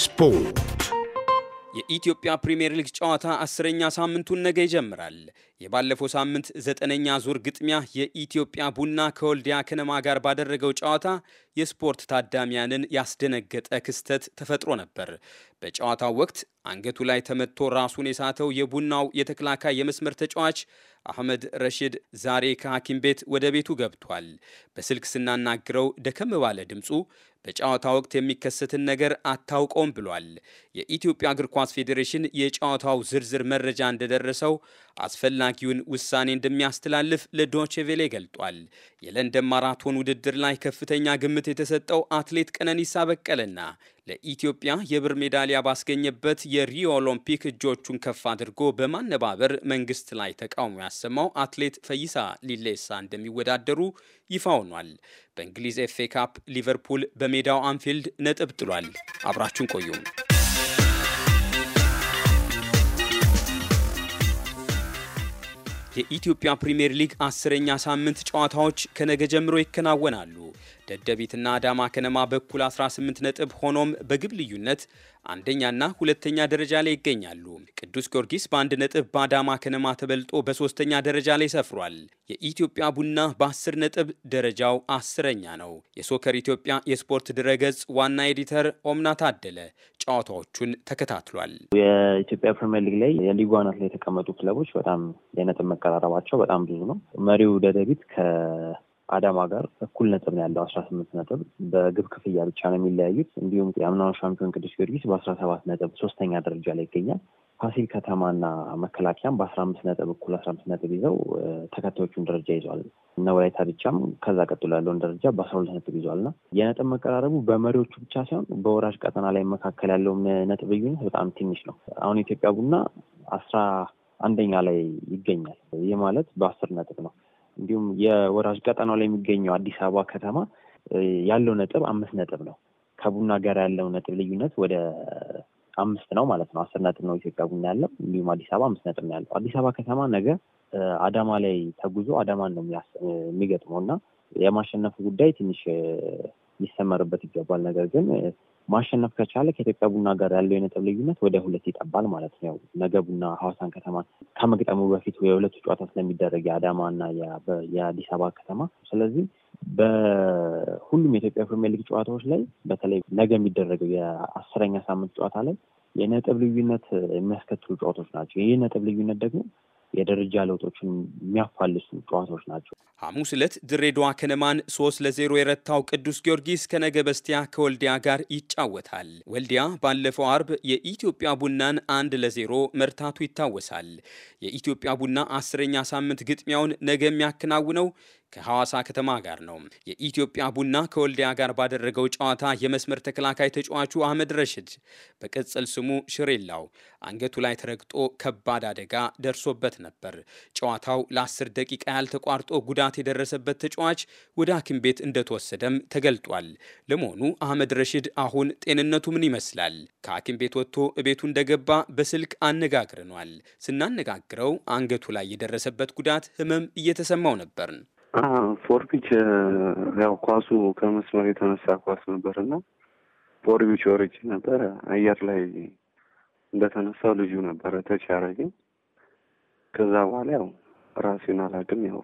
ስፖርት የኢትዮጵያ ፕሪምየር ሊግ ጨዋታ አስረኛ ሳምንቱን ነገ ይጀምራል። የባለፈው ሳምንት ዘጠነኛ ዙር ግጥሚያ የኢትዮጵያ ቡና ከወልዲያ ከነማ ጋር ባደረገው ጨዋታ የስፖርት ታዳሚያንን ያስደነገጠ ክስተት ተፈጥሮ ነበር። በጨዋታው ወቅት አንገቱ ላይ ተመትቶ ራሱን የሳተው የቡናው የተከላካይ የመስመር ተጫዋች አህመድ ረሺድ ዛሬ ከሐኪም ቤት ወደ ቤቱ ገብቷል። በስልክ ስናናግረው ደከም ባለ ድምፁ በጨዋታ ወቅት የሚከሰትን ነገር አታውቀውም ብሏል። የኢትዮጵያ እግር ኳስ ፌዴሬሽን የጨዋታው ዝርዝር መረጃ እንደደረሰው አስፈላጊውን ውሳኔ እንደሚያስተላልፍ ለዶቼቬሌ ገልጧል። የለንደን ማራቶን ውድድር ላይ ከፍተኛ ግምት የተሰጠው አትሌት ቀነኒሳ በቀለና ለኢትዮጵያ የብር ሜዳሊያ ባስገኘበት የሪዮ ኦሎምፒክ እጆቹን ከፍ አድርጎ በማነባበር መንግስት ላይ ተቃውሞ ያሰማው አትሌት ፈይሳ ሊሌሳ እንደሚወዳደሩ ይፋ ሆኗል። በእንግሊዝ ኤፍኤ ካፕ ሊቨርፑል በሜዳው አንፊልድ ነጥብ ጥሏል። አብራችን ቆዩም የኢትዮጵያ ፕሪምየር ሊግ አስረኛ ሳምንት ጨዋታዎች ከነገ ጀምሮ ይከናወናሉ። ደደቢትና አዳማ ከነማ በኩል 18 ነጥብ ሆኖም በግብ ልዩነት አንደኛና ሁለተኛ ደረጃ ላይ ይገኛሉ። ቅዱስ ጊዮርጊስ በአንድ ነጥብ በአዳማ ከነማ ተበልጦ በሶስተኛ ደረጃ ላይ ሰፍሯል። የኢትዮጵያ ቡና በ10 ነጥብ ደረጃው አስረኛ ነው። የሶከር ኢትዮጵያ የስፖርት ድረገጽ ዋና ኤዲተር ኦምና ታደለ ጨዋታዎቹን ተከታትሏል። የኢትዮጵያ ፕሪሚየር ሊግ ላይ የሊጓናት ላይ የተቀመጡ ክለቦች በጣም የነጥብ መቀራረባቸው በጣም ብዙ ነው። መሪው ደደቢት ከ አዳማ ጋር እኩል ነጥብ ነው ያለው አስራ ስምንት ነጥብ በግብ ክፍያ ብቻ ነው የሚለያዩት። እንዲሁም የአምናው ሻምፒዮን ቅዱስ ጊዮርጊስ በአስራ ሰባት ነጥብ ሶስተኛ ደረጃ ላይ ይገኛል። ፋሲል ከተማና መከላከያም በአስራ አምስት ነጥብ እኩል አስራ አምስት ነጥብ ይዘው ተከታዮቹን ደረጃ ይዟል እና ወላይታ ከዛ ቀጥሎ ያለውን ደረጃ በአስራ ሁለት ነጥብ ይዟል ና የነጥብ መቀራረቡ በመሪዎቹ ብቻ ሳይሆን በወራጅ ቀጠና ላይ መካከል ያለውን ነጥብ ልዩነት በጣም ትንሽ ነው። አሁን ኢትዮጵያ ቡና አስራ አንደኛ ላይ ይገኛል። ይህ ማለት በአስር ነጥብ ነው። እንዲሁም የወራጅ ቀጠናው ላይ የሚገኘው አዲስ አበባ ከተማ ያለው ነጥብ አምስት ነጥብ ነው። ከቡና ጋር ያለው ነጥብ ልዩነት ወደ አምስት ነው ማለት ነው። አስር ነጥብ ነው ኢትዮጵያ ቡና ያለው፣ እንዲሁም አዲስ አበባ አምስት ነጥብ ነው ያለው። አዲስ አበባ ከተማ ነገ አዳማ ላይ ተጉዞ አዳማን ነው የሚገጥመው እና የማሸነፉ ጉዳይ ትንሽ ሊሰመርበት ይገባል። ነገር ግን ማሸነፍ ከቻለ ከኢትዮጵያ ቡና ጋር ያለው የነጥብ ልዩነት ወደ ሁለት ይጠባል ማለት ነው። ነገ ቡና ሐዋሳን ከተማ ከመግጠሙ በፊት የሁለቱ ጨዋታ ስለሚደረግ የአዳማ እና የአዲስ አበባ ከተማ ስለዚህ በሁሉም የኢትዮጵያ ፕሪሚየር ሊግ ጨዋታዎች ላይ በተለይ ነገ የሚደረገው የአስረኛ ሳምንት ጨዋታ ላይ የነጥብ ልዩነት የሚያስከትሉ ጨዋታዎች ናቸው። ይህ ነጥብ ልዩነት ደግሞ የደረጃ ለውጦችን የሚያፋልሱ ጨዋታዎች ናቸው። ሐሙስ ዕለት ድሬዳዋ ከነማን ሶስት ለዜሮ የረታው ቅዱስ ጊዮርጊስ ከነገ በስቲያ ከወልዲያ ጋር ይጫወታል። ወልዲያ ባለፈው አርብ የኢትዮጵያ ቡናን አንድ ለዜሮ መርታቱ ይታወሳል። የኢትዮጵያ ቡና አስረኛ ሳምንት ግጥሚያውን ነገ የሚያከናውነው ከሐዋሳ ከተማ ጋር ነው። የኢትዮጵያ ቡና ከወልዲያ ጋር ባደረገው ጨዋታ የመስመር ተከላካይ ተጫዋቹ አህመድ ረሽድ በቅጽል ስሙ ሽሬላው አንገቱ ላይ ተረግጦ ከባድ አደጋ ደርሶበት ነበር። ጨዋታው ለአስር ደቂቃ ያህል ተቋርጦ ጉዳት የደረሰበት ተጫዋች ወደ ሐኪም ቤት እንደተወሰደም ተገልጧል። ለመሆኑ አህመድ ረሽድ አሁን ጤንነቱ ምን ይመስላል? ከሐኪም ቤት ወጥቶ ቤቱ እንደገባ በስልክ አነጋግረኗል። ስናነጋግረው አንገቱ ላይ የደረሰበት ጉዳት ህመም እየተሰማው ነበር። ፎርፒች ያው ኳሱ ከመስመር የተነሳ ኳስ ነበር እና ፎርፒች ወርጅ ነበረ። አየር ላይ እንደተነሳው ልጁ ነበረ ተች ከዛ በኋላ ያው ራሴን አላቅም። ያው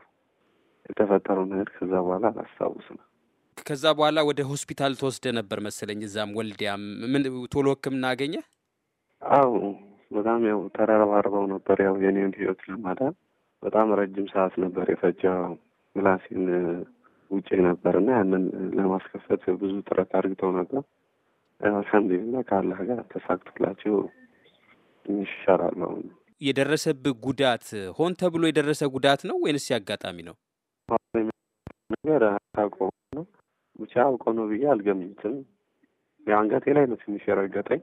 የተፈጠረው ነገር ከዛ በኋላ አላስታውስም። ከዛ በኋላ ወደ ሆስፒታል ተወስደ ነበር መሰለኝ። እዛም ወልዲያም ምን ቶሎ ሕክምና አገኘ? አው በጣም ያው ተረባርበው ነበር ያው የኔን ህይወት ለማዳን በጣም ረጅም ሰዓት ነበር የፈጀው ምላሴን ውጭ ነበር እና ያንን ለማስከፈት ብዙ ጥረት አድርግተው ነበር። አልሐምዱሊላ ከአላህ ጋር ተሳክቶላቸው ይሻላል። አሁን የደረሰብህ ጉዳት ሆን ተብሎ የደረሰ ጉዳት ነው ወይንስ ያጋጣሚ ነው? ነገር አውቆ ነው ብቻ አውቆ ነው ብዬ አልገምትም። የአንገቴ ላይ ነው ትንሽ የረገጠኝ፣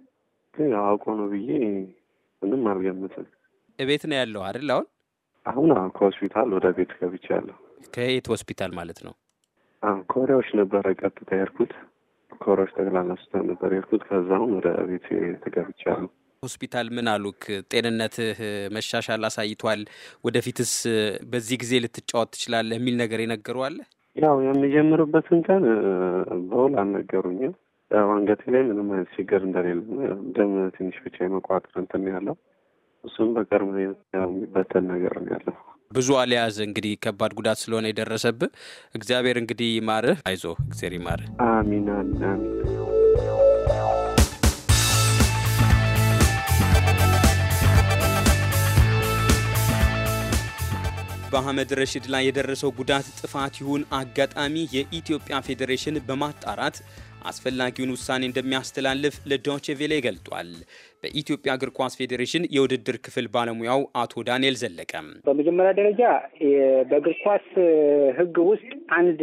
ግን አውቆ ነው ብዬ ምንም አልገምትም። እቤት ነው ያለው አይደል? አሁን አሁን ከሆስፒታል ወደ ቤት ገብቻለሁ። ከየት ሆስፒታል ማለት ነው? ኮሪያዎች ነበረ ቀጥታ የሄድኩት ኮሪያዎች ጠቅላላ ሆስፒታል ነበር የሄድኩት። ከዛም ወደ ቤት ተገብቻለሁ። ሆስፒታል ምን አሉክ? ጤንነትህ መሻሻል አሳይቷል፣ ወደፊትስ በዚህ ጊዜ ልትጫወት ትችላለህ የሚል ነገር የነገሩ አለ? ያው የሚጀምርበትን ቀን በውል አልነገሩኝም። አንገቴ ላይ ምንም አይነት ችግር እንደሌለ ደም ትንሽ ብቻ የመቋጠር እንትን ያለው እሱም በቅርብ የሚበተን ነገር ነው ያለው ብዙ አልያዝ እንግዲህ ከባድ ጉዳት ስለሆነ የደረሰብህ እግዚአብሔር እንግዲህ ይማርህ። አይዞ እግዚአብሔር ይማርህ። አሚን በአህመድ ረሽድ ላይ የደረሰው ጉዳት ጥፋት ይሁን አጋጣሚ የኢትዮጵያ ፌዴሬሽን በማጣራት አስፈላጊውን ውሳኔ እንደሚያስተላልፍ ለዶቼ ቬለ ገልጧል። በኢትዮጵያ እግር ኳስ ፌዴሬሽን የውድድር ክፍል ባለሙያው አቶ ዳንኤል ዘለቀ በመጀመሪያ ደረጃ በእግር ኳስ ሕግ ውስጥ አንድ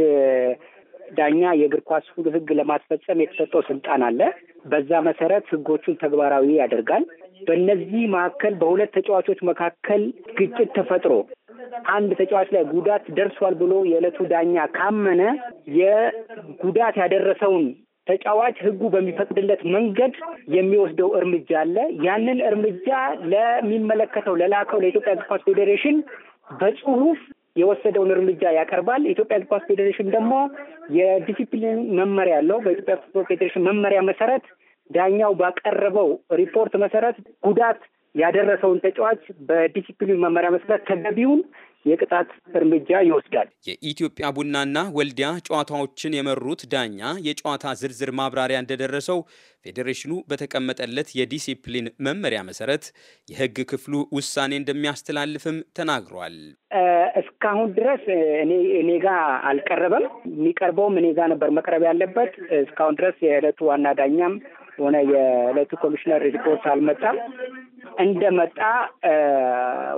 ዳኛ የእግር ኳስ ሕግ ለማስፈጸም የተሰጠው ስልጣን አለ። በዛ መሰረት ሕጎቹን ተግባራዊ ያደርጋል። በእነዚህ መካከል በሁለት ተጫዋቾች መካከል ግጭት ተፈጥሮ አንድ ተጫዋች ላይ ጉዳት ደርሷል ብሎ የዕለቱ ዳኛ ካመነ የጉዳት ያደረሰውን ተጫዋች ህጉ በሚፈቅድለት መንገድ የሚወስደው እርምጃ አለ። ያንን እርምጃ ለሚመለከተው ለላከው ለኢትዮጵያ እግር ኳስ ፌዴሬሽን በጽሁፍ የወሰደውን እርምጃ ያቀርባል። የኢትዮጵያ እግር ኳስ ፌዴሬሽን ደግሞ የዲሲፕሊን መመሪያ ያለው በኢትዮጵያ ፉትቦል ፌዴሬሽን መመሪያ መሰረት ዳኛው ባቀረበው ሪፖርት መሰረት ጉዳት ያደረሰውን ተጫዋች በዲሲፕሊን መመሪያ መሰረት ተገቢውን የቅጣት እርምጃ ይወስዳል። የኢትዮጵያ ቡናና ወልዲያ ጨዋታዎችን የመሩት ዳኛ የጨዋታ ዝርዝር ማብራሪያ እንደደረሰው ፌዴሬሽኑ በተቀመጠለት የዲሲፕሊን መመሪያ መሰረት የሕግ ክፍሉ ውሳኔ እንደሚያስተላልፍም ተናግሯል። እስካሁን ድረስ እኔ እኔ ጋ አልቀረበም። የሚቀርበውም እኔ ጋ ነበር መቅረብ ያለበት። እስካሁን ድረስ የዕለቱ ዋና ዳኛም ሆነ የዕለቱ ኮሚሽነር ሪፖርት አልመጣም። እንደመጣ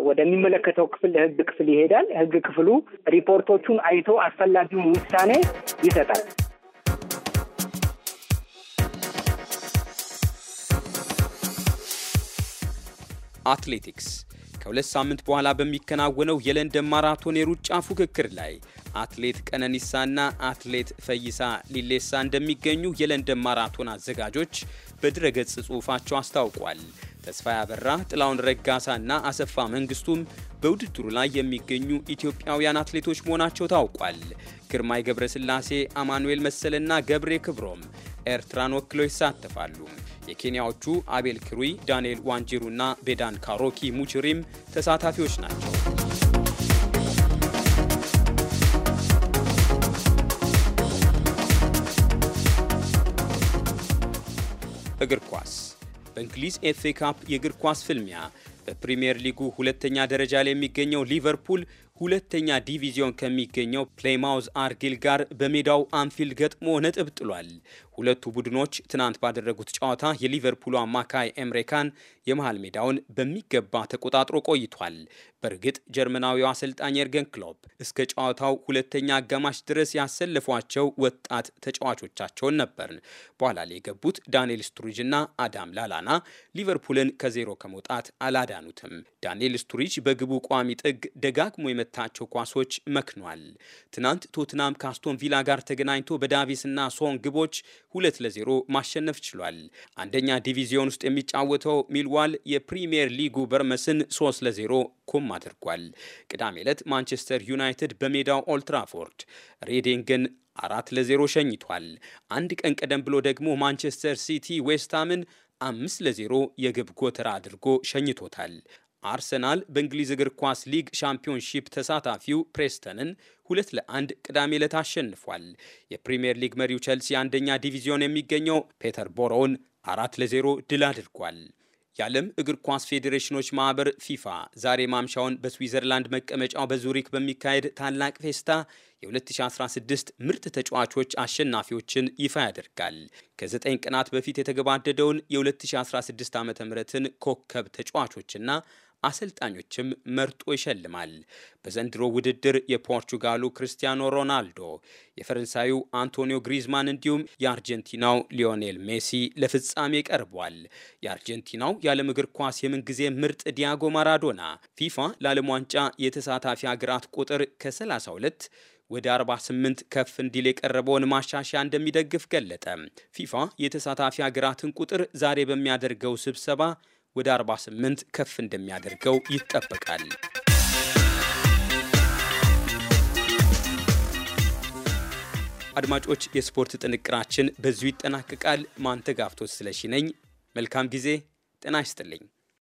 ወደሚመለከተው ክፍል ህግ ክፍል ይሄዳል። ህግ ክፍሉ ሪፖርቶቹን አይቶ አስፈላጊውን ውሳኔ ይሰጣል። አትሌቲክስ ከሁለት ሳምንት በኋላ በሚከናወነው የለንደን ማራቶን የሩጫ ፉክክር ላይ አትሌት ቀነኒሳና አትሌት ፈይሳ ሊሌሳ እንደሚገኙ የለንደን ማራቶን አዘጋጆች በድረገጽ ጽሑፋቸው አስታውቋል። ተስፋ ያበራ፣ ጥላውን ረጋሳና አሰፋ መንግስቱም በውድድሩ ላይ የሚገኙ ኢትዮጵያውያን አትሌቶች መሆናቸው ታውቋል። ግርማይ ገብረስላሴ፣ አማኑኤል መሰለና ገብሬ ክብሮም ኤርትራን ወክለው ይሳተፋሉ። የኬንያዎቹ አቤል ክሩይ፣ ዳንኤል ዋንጂሩና ቤዳን ካሮኪ ሙችሪም ተሳታፊዎች ናቸው። እግር ኳስ በእንግሊዝ ኤፍኤ ካፕ የእግር ኳስ ፍልሚያ በፕሪምየር ሊጉ ሁለተኛ ደረጃ ላይ የሚገኘው ሊቨርፑል ሁለተኛ ዲቪዚዮን ከሚገኘው ፕሌማውዝ አርጊል ጋር በሜዳው አንፊልድ ገጥሞ ነጥብ ጥሏል። ሁለቱ ቡድኖች ትናንት ባደረጉት ጨዋታ የሊቨርፑሉ አማካይ ኤምሬካን የመሃል ሜዳውን በሚገባ ተቆጣጥሮ ቆይቷል። በእርግጥ ጀርመናዊው አሰልጣኝ የርገን ክሎፕ እስከ ጨዋታው ሁለተኛ አጋማሽ ድረስ ያሰለፏቸው ወጣት ተጫዋቾቻቸውን ነበር። በኋላ ላይ የገቡት ዳንኤል ስቱሪጅ እና አዳም ላላና ሊቨርፑልን ከዜሮ ከመውጣት አላዳኑትም። ዳንኤል ስቱሪጅ በግቡ ቋሚ ጥግ ደጋግሞ በመታቸው ኳሶች መክኗል። ትናንት ቶትናም ከአስቶን ቪላ ጋር ተገናኝቶ በዳቪስና ሶን ግቦች ሁለት ለዜሮ ማሸነፍ ችሏል። አንደኛ ዲቪዚዮን ውስጥ የሚጫወተው ሚልዋል የፕሪሚየር ሊጉ በርመስን ሶስት ለዜሮ ኩም አድርጓል። ቅዳሜ ዕለት ማንቸስተር ዩናይትድ በሜዳው ኦልትራፎርድ ሬዲንግን አራት ለዜሮ ሸኝቷል። አንድ ቀን ቀደም ብሎ ደግሞ ማንቸስተር ሲቲ ዌስትሃምን አምስት ለዜሮ የግብ ጎተራ አድርጎ ሸኝቶታል። አርሰናል በእንግሊዝ እግር ኳስ ሊግ ሻምፒዮንሺፕ ተሳታፊው ፕሬስተንን ሁለት ለአንድ ቅዳሜ ዕለት አሸንፏል። የፕሪምየር ሊግ መሪው ቸልሲ አንደኛ ዲቪዚዮን የሚገኘው ፔተር ቦሮውን አራት ለዜሮ ድል አድርጓል። የዓለም እግር ኳስ ፌዴሬሽኖች ማኅበር ፊፋ ዛሬ ማምሻውን በስዊዘርላንድ መቀመጫው በዙሪክ በሚካሄድ ታላቅ ፌስታ የ2016 ምርጥ ተጫዋቾች አሸናፊዎችን ይፋ ያደርጋል። ከዘጠኝ ቀናት በፊት የተገባደደውን የ2016 ዓ.ም ኮከብ ተጫዋቾችና አሰልጣኞችም መርጦ ይሸልማል። በዘንድሮ ውድድር የፖርቹጋሉ ክርስቲያኖ ሮናልዶ፣ የፈረንሳዩ አንቶኒዮ ግሪዝማን እንዲሁም የአርጀንቲናው ሊዮኔል ሜሲ ለፍጻሜ ቀርቧል። የአርጀንቲናው የዓለም እግር ኳስ የምንጊዜ ምርጥ ዲያጎ ማራዶና ፊፋ ለዓለም ዋንጫ የተሳታፊ ሀገራት ቁጥር ከ32 ወደ 48 ከፍ እንዲል የቀረበውን ማሻሻያ እንደሚደግፍ ገለጠ። ፊፋ የተሳታፊ ሀገራትን ቁጥር ዛሬ በሚያደርገው ስብሰባ ወደ 48 ከፍ እንደሚያደርገው ይጠበቃል። አድማጮች፣ የስፖርት ጥንቅራችን በዚሁ ይጠናቀቃል። ማንተጋፍቶት ስለሺ ነኝ። መልካም ጊዜ። ጤና ይስጥልኝ።